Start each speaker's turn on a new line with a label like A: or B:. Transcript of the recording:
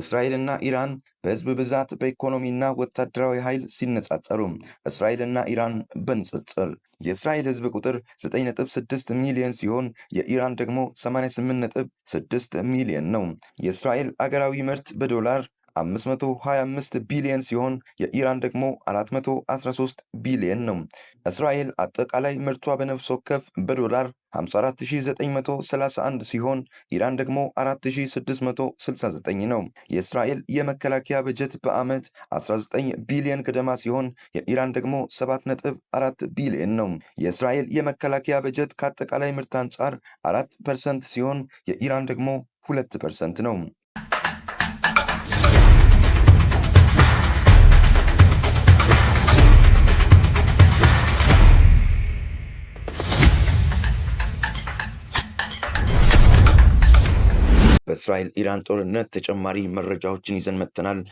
A: እስራኤልና ኢራን በህዝብ ብዛት በኢኮኖሚና ወታደራዊ ኃይል ሲነጻጸሩ እስራኤልና ኢራን በንጽጽር የእስራኤል ህዝብ ቁጥር 9.6 ሚሊዮን ሲሆን የኢራን ደግሞ 88.6 ሚሊዮን ነው። የእስራኤል አገራዊ ምርት በዶላር 525 ቢሊየን ሲሆን የኢራን ደግሞ 413 ቢሊየን ነው። እስራኤል አጠቃላይ ምርቷ በነፍስ ወከፍ በዶላር 54931 ሲሆን ኢራን ደግሞ 4669 ነው። የእስራኤል የመከላከያ በጀት በዓመት 19 ቢሊዮን ገደማ ሲሆን የኢራን ደግሞ 7.4 ቢሊዮን ነው። የእስራኤል የመከላከያ በጀት ከአጠቃላይ ምርት አንጻር 4 ፐርሰንት ሲሆን የኢራን ደግሞ 2 ፐርሰንት ነው።
B: በእስራኤል ኢራን ጦርነት ተጨማሪ መረጃዎችን ይዘን መጥተናል።